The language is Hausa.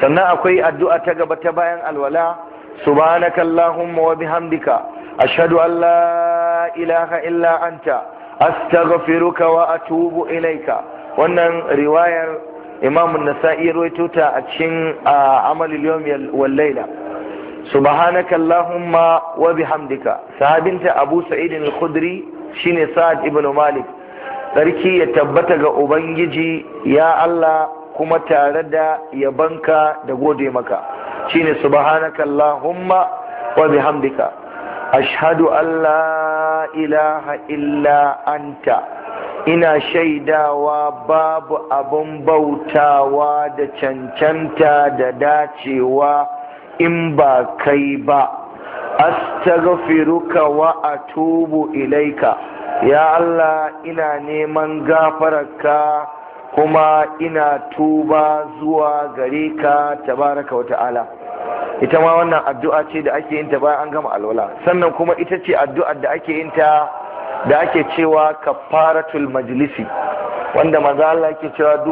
sannan akwai addu'a ta gaba ta bayan alwala subhanakallahumma wa bihamdika ashhadu an la ilaha illa anta astaghfiruka wa atubu ilaika wannan riwayar imam an-nasa'i rawaito ta a cikin amal al-yawm wal layla subhanakallahumma wa bihamdika sahabinta abu sa'id al-khudri shine sa'ad ibn malik sarki ya tabbata ga ubangiji ya allah kuma tare da yabanka da gode maka shine subhanaka allahumma wa bihamdika ashhadu an la ilaha illa anta ina shaidawa babu abin bautawa da cancanta da dacewa in ba kai ba astaghfiruka wa atubu ilaika ya Allah ina neman gafararka kuma ina tuba zuwa gare ka tabaraka wa ta'ala ita ma wannan addu'a ce da ake yin ta bayan an gama alwala sannan kuma ita ce addu'ar da ake yin ta da ake cewa kafaratul majlisi wanda maza Allah yake cewa